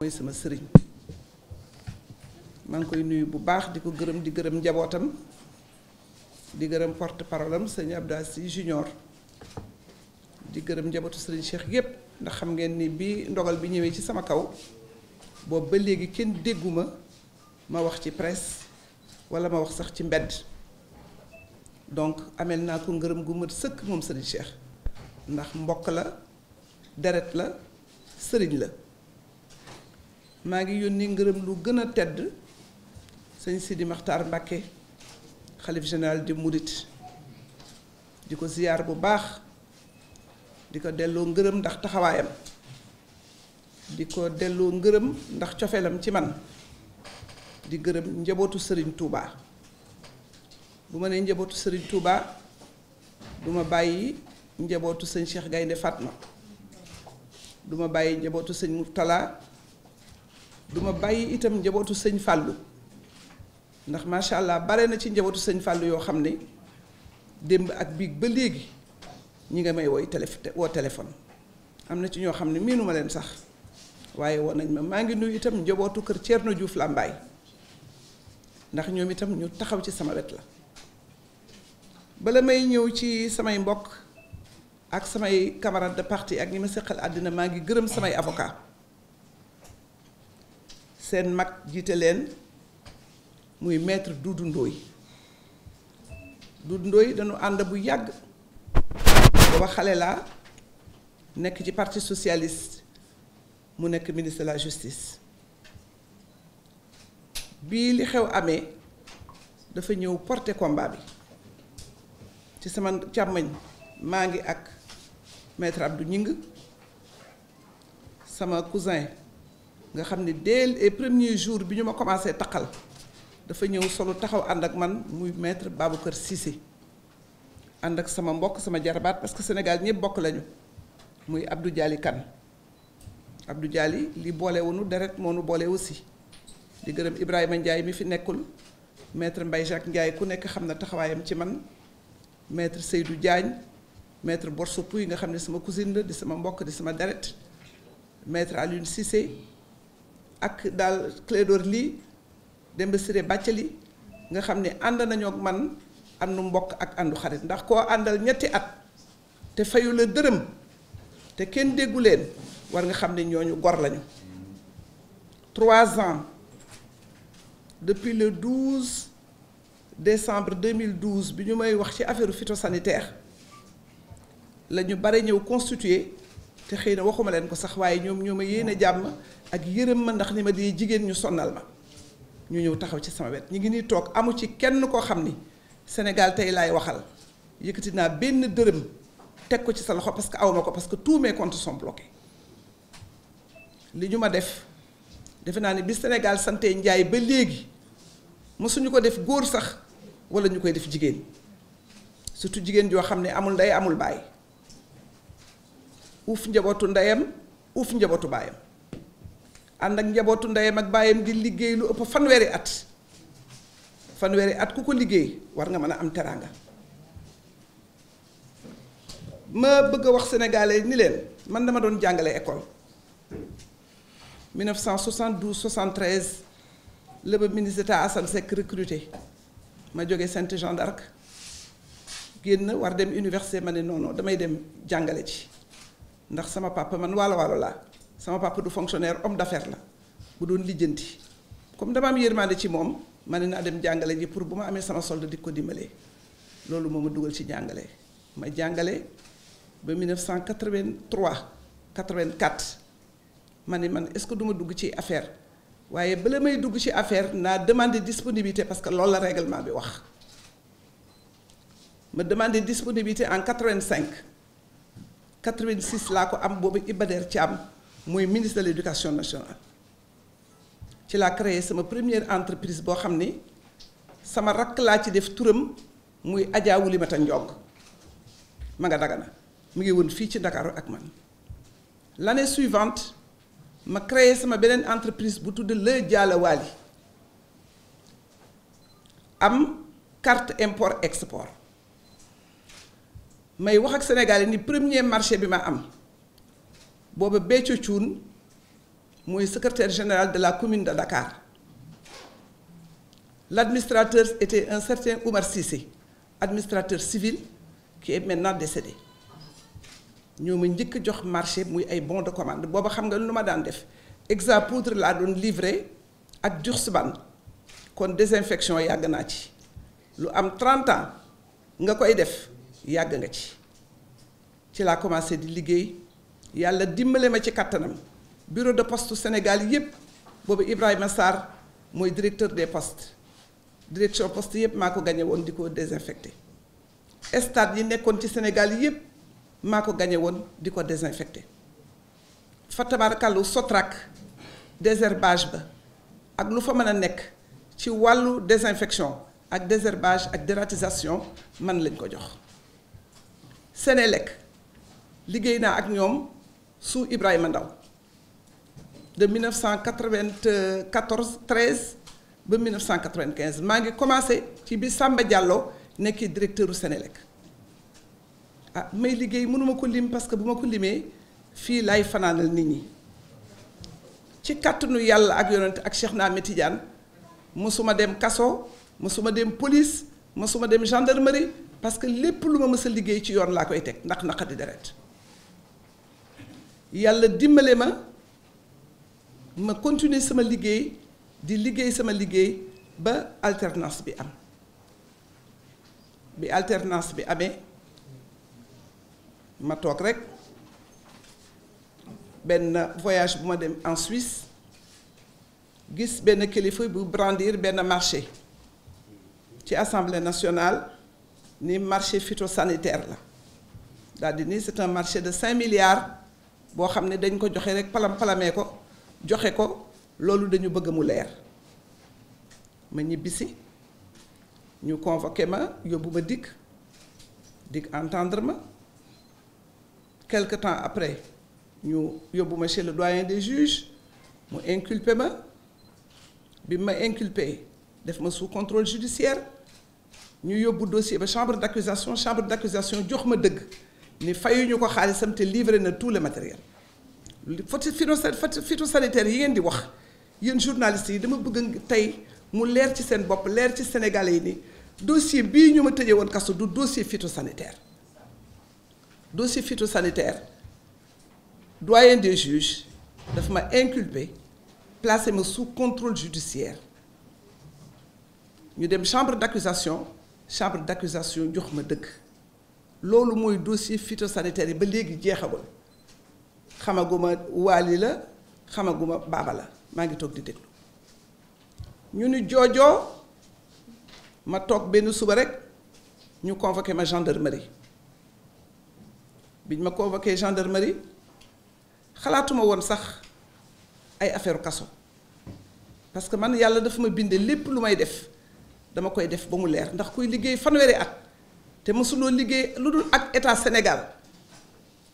moy sama serigne mang koy nuyu bu baax di ko di gëreum njabootam di gëreum porte parole am sëñ junior di gëreum njabootu serigne Cheikh yépp ndax xam ngeen ni bi ndogal bi ñëwé ci sama kaw bo ba légui kenn dégguma ma wax ci presse wala ma wax sax ci mbedd donc amel naa ko ngeureum gu meut seuk mom serigne Cheikh ndax mbokk la deret la serigne la maa ngi yónni ngërëm lu gën a tedd sëñ Sidi Makhtar Mbàkke xalif général di murit di ko ziar bu baax di ko delloo ngërëm ndax taxawaayam di ko delloo ngërëm ndax cofeelam ci man di gërëm njabootu Serigne Touba bu ma nee njabootu Touba duma bàyyi njabootu sëñ Cheikh Gaynde Fatma duma bàyyi njabootu sëñ Murtala duma bàyyi itam njabootu sëñ fàllu ndax macha allah bare na ci njabootu sëñ fàllu yoo xam ne démb ak biig ba léegi ñi nga may woy télé woo téléphone am na ci ñoo xam ne miinuma leen sax waaye woo nañ ma maa ngi nuyu itam njabootu kër Thierno Diouf Lambaye ndax ñoom itam ñu taxaw ci sama wet la bala may ñëw ci samay mbokk ak samay camarade de parti ak ñi ma seqal àddina maa ngi gërëm samay avocat seen mag jiite leen muy metre Doudou Ndoye Doudou Ndoye dañu ànd bu yàgg booba xale laa nekk ci parti socialiste mu nekk ministre la justice bii li xew amee dafa ñëw porte komba bi ci sama càmmañ maa ngi ak maître du Ñing sama cousin nga xam ne dès les premiers jours bi ñu ma commencé taqal dafa ñëw solo taxaw ànd ak man muy maître Babacar Cissé ànd ak sama mbokk sama jarabaat parce que Sénégal ñëpp bokk lañu muy Abdou Dialy Kane Abdou Dialy li boole wunu deret moo nu boole aussi di gërëm Ibrahima Ndiaye mi fi nekkul maître Mbaye Jacques Ndiaye ku nekk xam na taxawaayam ci man maître Seydou Diagne maître Borso Pouy nga xam ne sama cousine la di sama mbokk di sama deret maître Aliou Cissé ak dal Clédor lii Demba Ciré Bathily nga xam ne ànd nañoo ak man àndu mbokk ak andu xarit ndax koo àndal ñetti at te fayu la dërëm te kenn déggu leen war nga xam ne ñooñu gor lañu trois ans depuis le 12 décembre 2012 bi ñu may wax ci affaire phytosanitaire la ñu bare ñëw constituer te xëy na waxuma leen ko sax waaye ñoom ñoo ma yéene jàmm ak yërëm ma ndax ni ma di jigéen ñu sonnal ma ñu ñëw taxaw ci sama wet ñu ngi nii toog amu ci kenn koo xam ni Sénégal tey laay waxal yëkkati naa benn dërëm teg ko ci sa loxo parce que aw ma ko parce que tous mes comptes sont bloqués li ñu ma def defe naa ni bi Sénégal sante njaay ba léegi mosuñu ko def góor sax wala ñu koy def jigéen surtout jigéen joo xam ne amul ndey amul baay uuf njabootu ndeyam uuf njabootu baayam ànd ak njabootu ndeyam ak bàyyam di liggéey lu ëpp fanweeri at fanweeri at ku ko liggéey war nga mën a am teraanga ma bëgg a wax sénégalais ni leen man dama doon jàngale école 1972 73 la ba ministre d'État Assane Seck recruté ma jóge Sainte Jeanne d'Arc génn war dem université ma ne noonoo damay dem jàngale ci ndax sama papa man waalo waalo laa sama papa du fonctionnaire homme d'affaires la bu doon lijjanti comme dama am yërmande ci mom ma n'a naa dem jàngale ji pour buma amé sama solde di ko dimbalee loolu moo ma ci jangalé ma jangalé ba 1983 84 mané man est-ce que duma ma dugg ci affaire waaye bala may dugg ci affaire na demander disponibilité parce que lolou la règlement bi wax ma demander disponibilité en 85 86 laa ko am bobu Ibader am muy ministre de l'Éducation nationale ci la créé ma première entreprise boo xam ni sama rakk laa ci def turam muy Adja Oulimata Ndiong ma nga Dagana mu ngi woon fii ci Ndakaaru ak man suivante ma créé sama beneen entreprise bu tudd Le Diala Wali am carte import export may wax ak Sénégal ni premier marché bi ma am. Bobé Béthio secrétaire général de la commune de Dakar l'administrateur était un certain Oumar Sissé, administrateur civil qui est maintenant décédé nous avons dit jox marché muy ay bon de commande booba xam nga que que daan def exa poudre la doon ak désinfection yàgg naa ci lu am 30 ans nga koy def yàgg nga ci ci commencé à travailler. yàlla dimbale ma ci kattanam bureau de poste Sénégal yëpp boobu Ibrahima Sarr mooy directeur des postes direction poste yëpp maa ko gañe woon di ko désinfecté stade yi nekkoon ci Sénégal yëpp maa ko gañe woon di ko désinfecté fa tabaarakalu Sotrac désherbage ba ak lu fa mën a nekk ci wàllu désinfection ak désherbage ak dératisation man lañ ko jox Senelec liggéey naa ak ñoom sous Ibrahim Ndaw de 1994 13 ba 1995 Je commencé ci bi Samba Diallo directeur du Sénélec ah may liggéey Je suis lim parce que bu je ko limee lay nit ñi ci ak yonent ak Cheikh Tidiane dem kaso dem police mosuma dem gendarmerie parce que je lu je mës de ci je la koy de la il dimbale ma ma continuer sama liggéey di liggéey sama liggéey ba alternance bi am bi alternance ma voyage en Suisse gis benn kilifa bu brandir un marché ci assemblée nationale ni marché phytosanitaire c'est un marché de 5 milliards boo xam ne dañ ko joxe rek ko ko dañu entendre ma quelque temps après ñu yóbbu chez le doyen des juges mu inculpé ma bi ma inculpé sous contrôle judiciaire ñu yóbbu dossier ba chambre d'accusation, chambre d'accusation. jox ma dëgg ni fayuñu ko tout le matériel foti phytosanitaire yi ngeen di wax yéen journalistes yi dama bëgg tey mu leer ci seen bopp leer ci sénégalais yi ni dossier bii ñu ma tëjee woon kaso du dossier phytosanitaire dossier phytosanitaire doyen des juges daf ma inculpé placé ma sous contrôle judiciaire ñu dem chambre d'accusation chambre d'accusation jox ma dëkk loolu mooy dossier phytosanitaire yi ba léegi jeexagul xamaguma waali la xamaguma baaba la maa ngi toog di déglu ñu ni joojoo ma toog benn suba rek ñu convoqué ma gendarmerie biñ ma convoqué gendarmerie xalaatuma woon sax ay affaire kaso parce que man yàlla dafa ma binde lépp lu may def dama koy def ba mu leer ndax kuy liggéey fanweeri at te mësuloo liggéey lu dul ak état senegal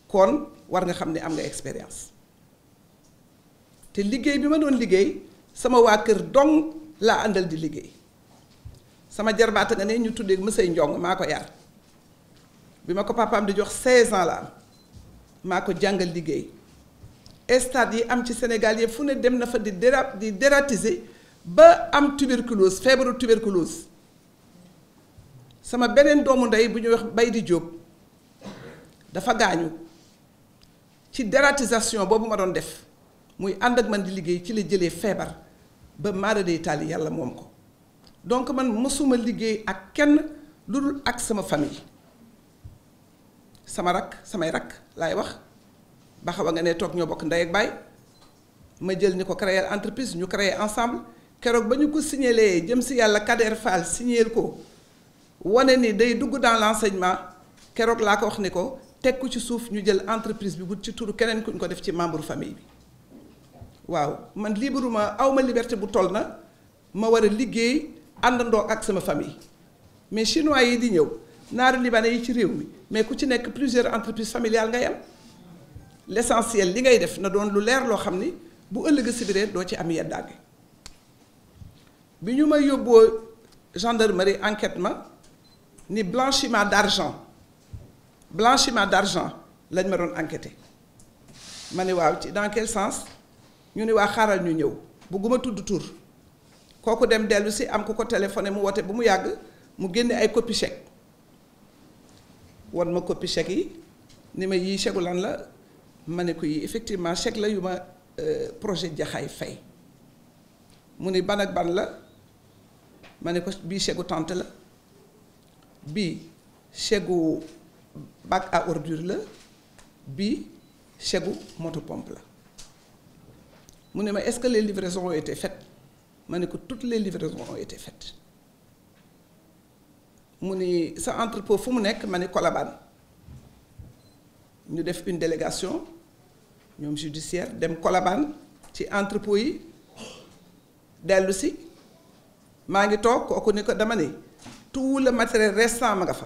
kon war nga xam ne am nga expérience te liggéey bi ma doon liggéey sama waa kër dong laa àndal di liggéey sama jarbaata nga ne ñu tuddee monsieur Ndiong maa ko yar bi ma ko papaam di jox 16 ans la am maa ko jàngal liggéey stade yi am ci Sénégal yi fu ne dem na fa di déra di dératiser ba am tuberculose feebaru tuberculose sama beneen doomu ndey bu ñuy wax bay di jóg dafa gaañu ci dératisation boobu ma doon def muy ànd ak man di liggéey ci la jëlee feebar ba maara day taali yàlla moom ko donc man mësuma liggéey ak kenn lu ak sama famille sama rak samay rak laay wax ba xaw nga ne toog ñoo bokk ndey ak baay ma jël ñu ko créer entreprise ñu créer ensemble keroog ba ñu ko signalee jëm si yàlla Kader Fall signeel ko wane ni day dugg dans l'enseignement keroog laa ko wax ni ko teg ko ci souf ñu jël entreprise bi bu ci turu keneen kuñ ko def ci membre famille bi waaw man libre ma awma liberté bu toll na ma war a liggéey àndandoo ak sama famille mais chinois yi di ñëw naaru libanais yi ci réew mi mais ku ci nekk plusieurs entreprises familiales ngay am l'essentiel li ngay def na doon lu leer loo xam ni bu ëllëg si biir doo ci am yeddaange bi ñu ma yóbboo gendarmerie enquête ma ni blanchiment d'argent blanchiment d'argent lañ ma doon enquêté ma ne waaw ci dans quel sens ñu ne waa xaaral ñu ñëw bugguma tudd tur kooku dem dellu si am ku ko téléphoné mu woote bu mu yàgg mu génne ay copie chèque wan ma copie chèque yi ni ma yii chèque lan la ma ne ko yi effectivement chèque la yu ma euh, projet jaxay fay mu ni ban ak ban la ma ne ko bii chèque tante la bii chèque bac à ordure la bi chegu motopompe la mu ne ma est-ce que les livraisons ont été faites ma ne ko toutes les livraisons ont été faites mu ça sa entrepôt fu mu nekk ma ne ñu def une délégation ñom judiciaire dem kolaban ci entrepôt yi dellu si maa ngi toog kooku ni ko dama ne tout le matériel restant ma nga fa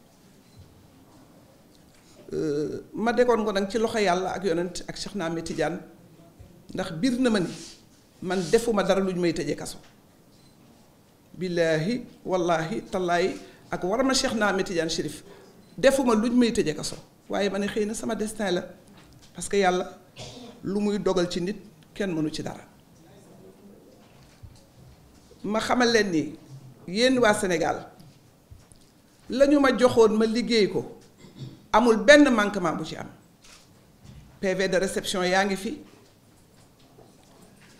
ma degoon ko nag ci loxo yàlla ak yonant ak Cheikh Naam Tidiane ndax biir na ma ni man defuma dara lu ñu may tëje kaso billaahi wallaahi tallaay ak war ma Cheikh Naam Tidiane Chérif defuma lu ñu may tëje kaso waaye ma ne xëy na sama destin la parce que yàlla lu muy dogal ci nit kenn mënu ci dara ma xamal leen ni yéen waa Sénégal la ñu ma joxoon ma liggéey ko amul benn manquement bu ci am PV de réception yaa ngi fi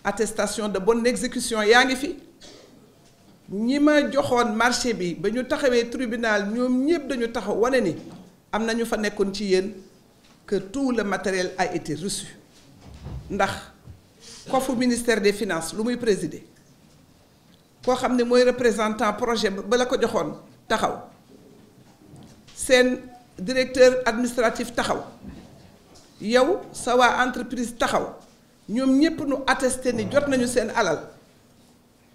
attestation de bonne exécution yaa ngi fi ñi ma joxoon marché bi ba ñu taxawee tribunal ñoom ñëpp dañu taxaw wane ni am na ñu fa nekkoon ci yéen que tout le matériel a été reçu ndax kofu ministère des finances lu muy présider koo xam ne représentant projet ba la ko joxoon taxaw seen directeur administratif taxaw yow entreprise taxaw ñom nu attesté ni jot nañu alal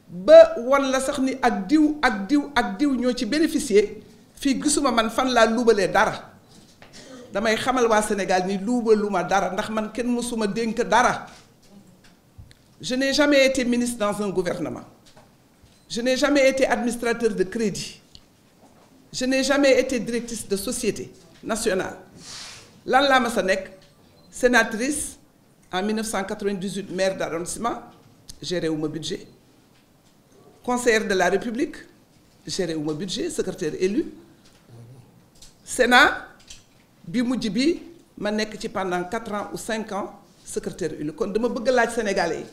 ba sax ni ak diw ak diw ak diw ñoo bénéficier fi gisuma man fan la loubalé dara damay xamal Sénégal ni loubaluma dara ndax man dara je n'ai jamais été ministre dans un gouvernement je n'ai jamais été administrateur de crédit je n'ai jamais été directrice de société nationale Lalla Massanek, sénatrice en 1998 maire d'arrondissement gérée au mon budget conseillère de la république gérée mon budget secrétaire élu sénat bi je suis pendant 4 ans ou 5 ans secrétaire élu Je dama sénégalais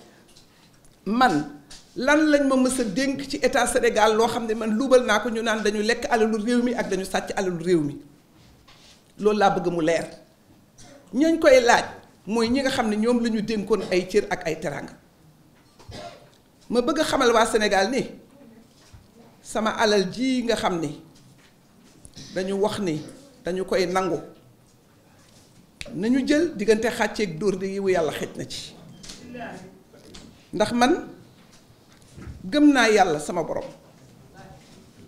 lan lañ ma mës dénk ci état Sénégal loo xam ne man luubal naa ko ñu naan dañu lekk alalu réew mi ak dañu sàcc alalu réew mi loolu laa bëgg mu leer ñañ koy laaj mooy ñi nga xam ne ñoom lañu dénkoon ay cër ak ay teranga ma bëgg a xamal waa senegal ni sama alal ji nga xam ni dañu wax ni dañu koy nangu nañu jël diggante xàcceeg dóor di yiwu yàlla xej na ci ndax man gëm naa yàlla sama borom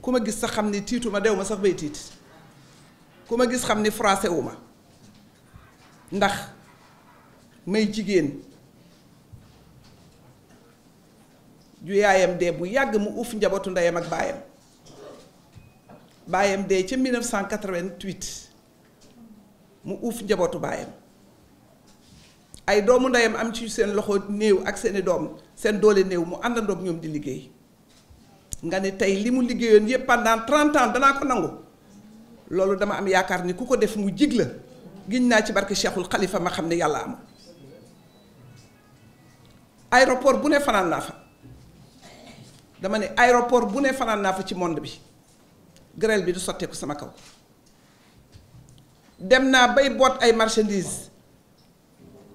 ku ma gis sa xam ni tiitu ma dew ma sax bay tiit ku ma gis xam ni français wu ma ndax may jigéen ju yaayam dee bu yàgg mu uuf njabootu ndeyam ak baayam baayam dee ca 1988 mu uuf njabootu baayam ay doomu ndeyam am ci seen loxo néew ak seeni doom seen doole néew mu àndandoog ñoom di liggéey nga ne tey li mu liggéeyoon yëpp pendant 30 ans danaa ko nangu loolu dama am yaakaar ni ku ko def mu jig la giñ naa ci barke Cheikhul Khalifa ma xam ne yàlla am aéroport bu ne fanaan naa fa dama ne aéroport bu ne fanaan naa fa ci monde bi grêle bi du sotteeku sama kaw dem naa bay boot ay marchandises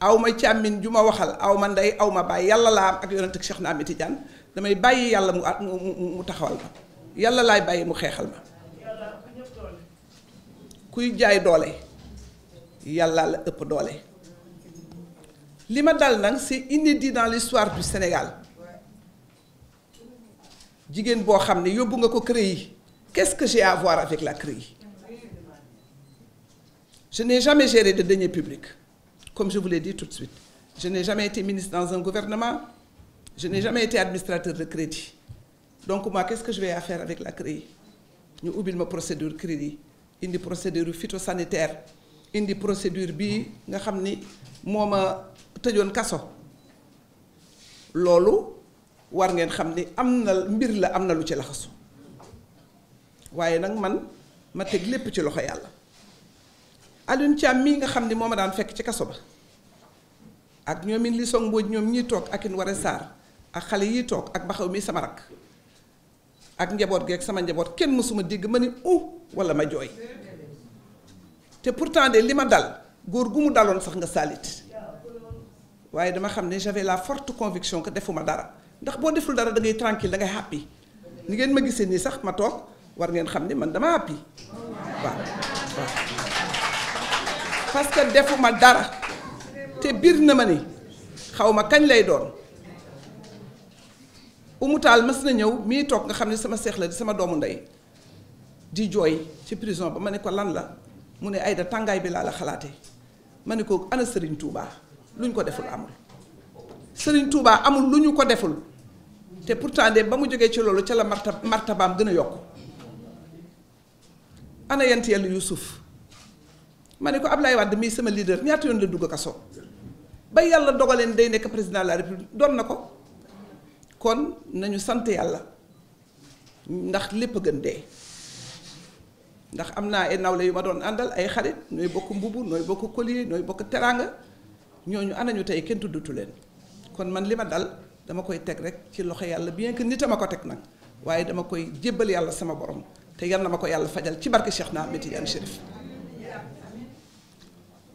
aw ma càmmin juma waxal aw ma ndey aw ma bay yalla la am ak yonent ak Cheikh Naam Tidiane damay bàyyi yalla mu mu taxawal ma yalla lay bàyyi mu xeexal ma kuy jaay doole yalla la ëpp doole lima dal nak c'est inédit dans l'histoire du Sénégal jigen bo xam ne nga ko CREI qu'est-ce que j'ai à voir avec la CREI je n'ai jamais géré de deniers publics comme je vous l'ai dit tout de suite. Je n'ai jamais été ministre dans un gouvernement, je n'ai jamais été administrateur de crédit. Donc moi, qu'est-ce que je vais faire avec la crédit Nous oublions ma procédure crédit, une procédure phytosanitaire, une procédure bi, nga xamni moma tajon kasso. Lolu war ngeen xamni amna mbir la amna lu ci laxasu Waye nak man ma teg lepp ci loxo Yalla. Alioune Thiam mii nga xam ni moo ma daan fekk ci kaso ba ak ñoom it li soog mbooj ñoom ñii toog ak in war a saar ak xale yii toog ak baxaw mi sama rak ak njaboot geek sama njaboot kenn mësuma dégg ma ni u wala ma jooy te pourtant de li ma dal góor gu mu daloon sax nga saalit waaye dama xam ne j'avais la forte conviction que defuma dara ndax boo deful dara dangay ngay dangay da ngay ngeen ma gisee nii sax ma toog war ngeen xam ne man dama happy waaw parce que defuma dara te biir na ma ni xaw ma kañ lay doon umutaal mas na ñëw mii toog nga xam ne sama seex di sama doomu ndey di jooy ci prison ba ma ne ko lan la mu ne Aïda tàngaay bi laa la xalaate ma ne ko ana Serigne Touba lu ñu ko deful amul sëriñ Touba amul lu ñu ko deful te pourtant de ba mu jógee ci loolu ca la marta martabaam gën a yokk ana yent yàlla Yuusuf ma ne ko Ablaye Wade mii sama leader ñaata yoon la dugg kaso ba yàlla dogaleen day nekk président de la république doon na ko kon nañu sant yàlla ndax lépp gën dee ndax am naa ay nawle yu ma doon àndal ay xarit nooy bokk mbubu nooy bokk collier nooy bokk teraanga ñooñu anañu tey kenn tuddutu leen kon man li ma dal dama koy teg rek ci loxo yàlla bien que nit ma ko teg nag waaye dama koy jébbal yàlla sama borom te yal na ma ko yàlla fajal ci barke Cheikh na Ahmed Tidiane Chérif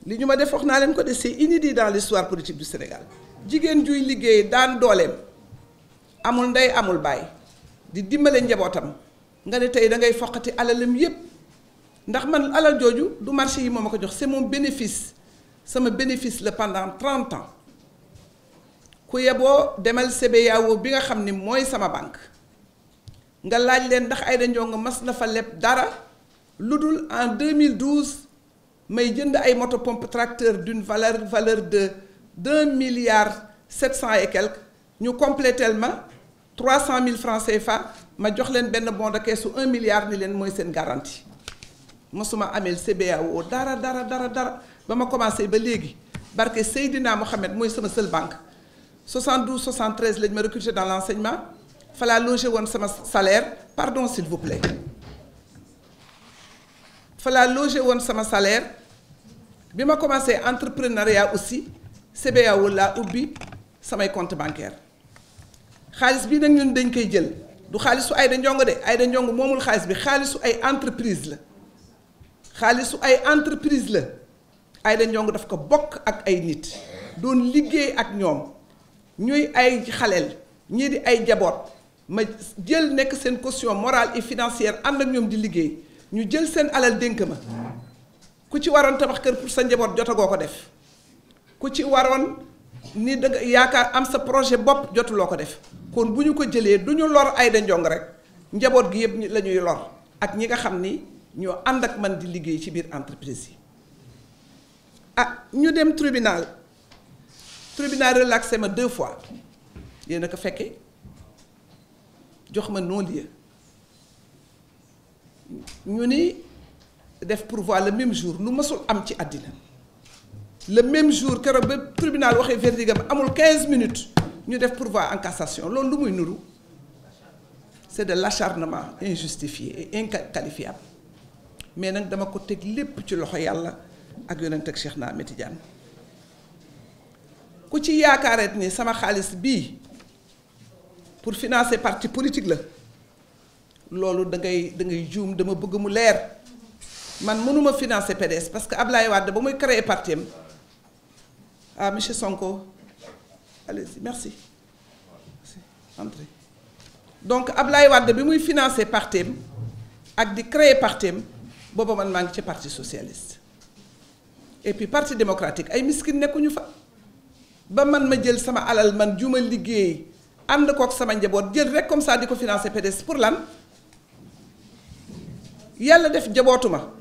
li ñu ma def wax naa leen ko de c'est inédit dans l'histoire politique du Sénégal jigéen juy liggéey daan dooleem amul ndey amul baay di dimbale njabootam nga ne tey da ngay foqati alalam yépp ndax man alal jooju du marché yi moo ma ko jox c'est mon bénéfice sama bénéfice la pendant 30 ans ku yeboo demal CBAO bi nga xam ni mooy sama banque nga laaj leen ndax ay Aïda Ndiongue mas na fa leb dara lu en 2012 may jënd ay moto pompe tracteur d'une valeur de 2 milliard 700 et quelques. ñu complétel ma 000 francs CFA ma jox leen benn bon de caisse 1 un milliard ni leen mooy seen garantie mosuma CBA. CBAO dara dara dara dara ba ma commencé ba léegi barke Seydina Mohamed mooy sama seul banque 72 73 lañ me recruté dans l'enseignement Il logé loger sama salaire pardon s'il vous plaît Il logé loger sama salaire bi ma commencé entrepreneuriat aussi CBAO laa ubbi samay compte bancaire xaalis bii nag ñun dañ koy jël du xaalisu Aïda Ndiongue de Aïda Ndiongue moomul xaalis bi xaalisu ay entreprise la xaalisu ay entreprise la Aïda Ndiongue daf ko bokk ak ay nit doon liggéey ak ñoom ñuy ay xaleel ñii di ay jaboot ma jël nekk seen costion morale et financière ànd ak ñoom di liggéey ñu jël seen alal dénk ma ku ci waroon tabax kër pour sa njaboot jotagoo ko def ku ci waroon ni da yaakaar am sa projet bopp jotuloo ko def kon bu ñu ko jëlee du ñu lor ayda Ndiong rek njaboot gi yëpp la ñuy lor ak ñi nga xam ni ñoo ànd ak man di liggéey ci biir entreprise yi ah ñu dem tribunal tribunal relaxé ma deux fois yéen a fekke jox ma non-lieu ñu ni def pourvoi le même jour nous mësul am ci àddina le même jour que le tribunal waxe verdict amul 15 minutes ñu def pourvoi en cassation loolu lu muy nuru c'est de l'acharnement injustifié et inqualifiable mais nak dama ko tek lepp ci loxo yalla ak yonent ak Cheikh Ahmed Tidiane ku ci yaakaaret ni sama xaalis bi pour financer parti politique la loolu da ngay da ngay joom dama bëgg mu leer man mënuma financer PDS parce que Ablaye Wade bamuy créer parti ah monsieur Sonko allez-y merci entrez donc Ablaye Wade bi muy financer parti ak di créer parti am man mang ci parti socialiste et puis parti démocratique ay miskine nekuñu fa ba man ma jël sama alal man juma ma and ko kook sama njaboot jël rek comme ça diko financer PDS pour lan yalla def njabootuma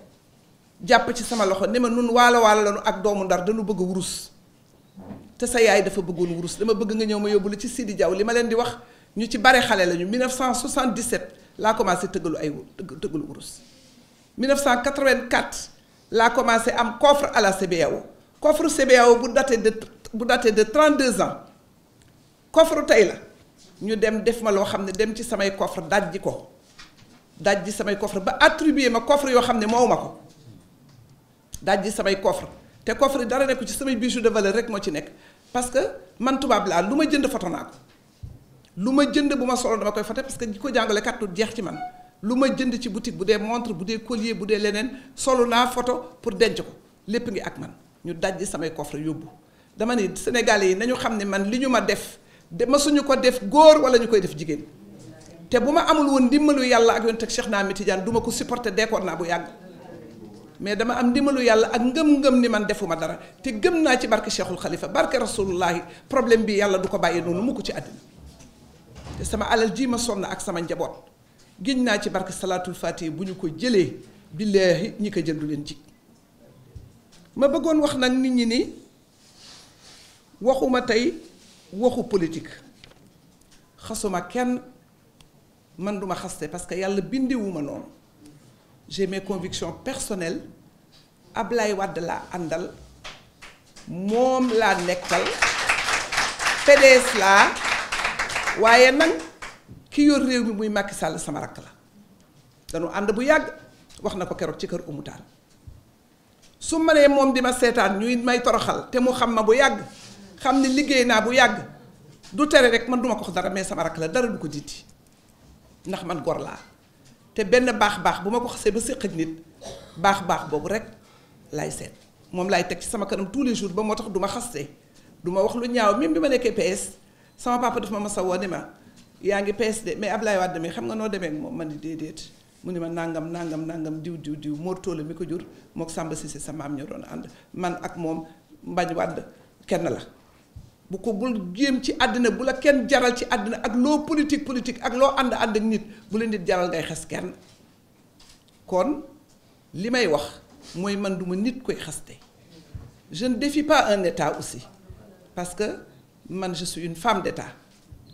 jàpp ci sama loxo ni ma nun waalo waalo lanu ak doomu ndar dañu bëgg wurus te sa yaay dafa bëggoon wurus dama bëgg nga ñëw ma yóbbu la ci Sidi Diaw li ma leen di wax ñu ci bare xale lañu 1977 laa commencé tëggalu ay tëggalu wurus 1984 laa commencé am coffre à la CBAO coffre CBAO bu daté de bu date de 32 ans coffre tey la ñu dem def ma loo xam ne dem ci samay coffre daj ji ko daj ji samay coffre ba attribué ma coffre yoo xam ne moow ma ko daaj ji samay coffre te coffre yi dara nekku ci samay bijou de valeur rek moo ci nekk parce que man tubaab laa lu ma jënd foto naa ko lu ma jënd bu ma solo dama koy foto parce que ñi ko jàngale kat jeex ci man lu ma jënd ci boutique bu dee montre bu dee collier bu dee leneen solo naa photo pour denc ko lépp ngi ak man ñu dajji samay coffre yóbbu dama ni Sénégalais yi nañu xam ne man li ñu ma def de ma suñu ko def góor wala ñu koy def jigéen te bu ma amul woon ndimbalu yàlla ak yoon teg Cheikh Naami Tidiane ko supporter deekoon naa bu yàgg mais dama am ndimbalu yàlla ak ngëm-ngëm ni man defuma dara te gëm naa ci barke cheikhul khalifa barke rasulullah problème bi yàlla du ko bàyyi noonu mu ko ci àddina te sama alal jii ma sonn ak sama njaboot giñ naa ci barke salatul fatih bu ñu ko jëlee billahi ñi ko jël du leen ci ma bëggoon wax nag nit ñi ni waxuma tey waxu politique xasuma kenn man duma xaste parce que yàlla bindiwuma noonu j'ai mes convictions personnelles Ablaye Wade laa andal mom la nekkal PDS la, waye nag ki yor réew mi mouy Macky Sall Samarak la dañu ànd bu yag, wax na ko keroog ci keur Umutaan su ma nee moom di ma seetaan ñuy may toroxal te mu xam ma bu yag, xam ne liggéey naa bu yàgg du tere rek man duma ko dara mais Samarak la dara du ko jiiti ndax man gor la. te benn baax-baax bu ma ko xasee ba séq ak nit baax-baax boobu rek laay seet moom laay teg ci sama kanam tous les jours ba moo tax du ma xaste du ma wax lu ñaaw même bi ma nekkee PS sama papa daf ma mas a woo ni ma yaa ngi PS de mais Ablaye Wade mi xam nga noo demee ak moom ma ni déedéet mu ni ma nangam nangam nangam diw diw diw Mor Talla mi ko jur mook Samba si sa maam ñoroon doon ànd man ak moom Mbañ Wade kenn la. bu ko bul jéem ci àddina bu la kenn jaral ci àddina ak loo politique politique ak loo ànd ànd ak nit bu la nit jaral ngay xas kenn kon li may wax mooy man duma nit koy xaste je ne défie pas un état aussi parce que man je suis une femme d'état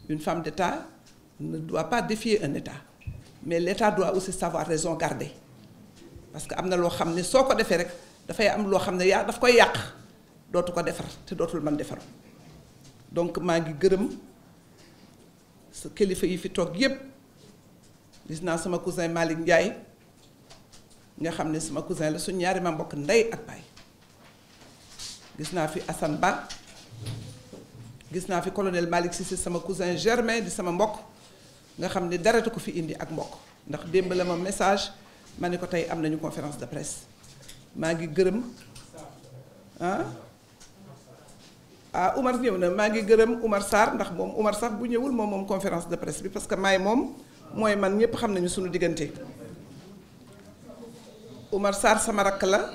une femme d'état ne doit pas défier un état mais l'état doit aussi savoir raison garder parce que am na loo xam ne soo ko defee rek dafay am loo xam ne yaa daf koy yàq dootu ko defar te dootul man defaru donc maa ngi gërëm sa kilifa yi fi gis sama cousin Malick Ndiaye nga xam sama cousin ma mbokk ndey ak gis naa fi Assane Ba colonel Malik, Sissi, sama cousin Germain di sama mbokk nga xam ne suis ko fi indi ak mbokk ndax la ma message ma ko conférence de presse ah, ah Umar ñëw na maa ngi gërëm Umar Sarr ndax moom Omar sax bu ñëwul moom moom conférence de presse bi parce que maay moom mooy man ñëpp xam nañu suñu diggante Omar Sarr sama rakk la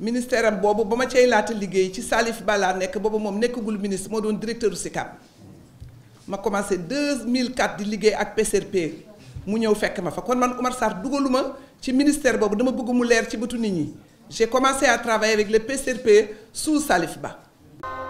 ministère am boobu ba ma cay laata liggéey ci Salif Bala laa nekk boobu moom nekkagul ministre moo doon directeur SICAP ma commencé 2004 di liggéey ak PCRP mu ñëw fekk ma fa kon man Omar Sarr dugaluma ci ministère boobu dama bëgg mu leer ci bëtu nit ñi j'ai commencé à travailler avec le PCRP sous Salif Ba Bye.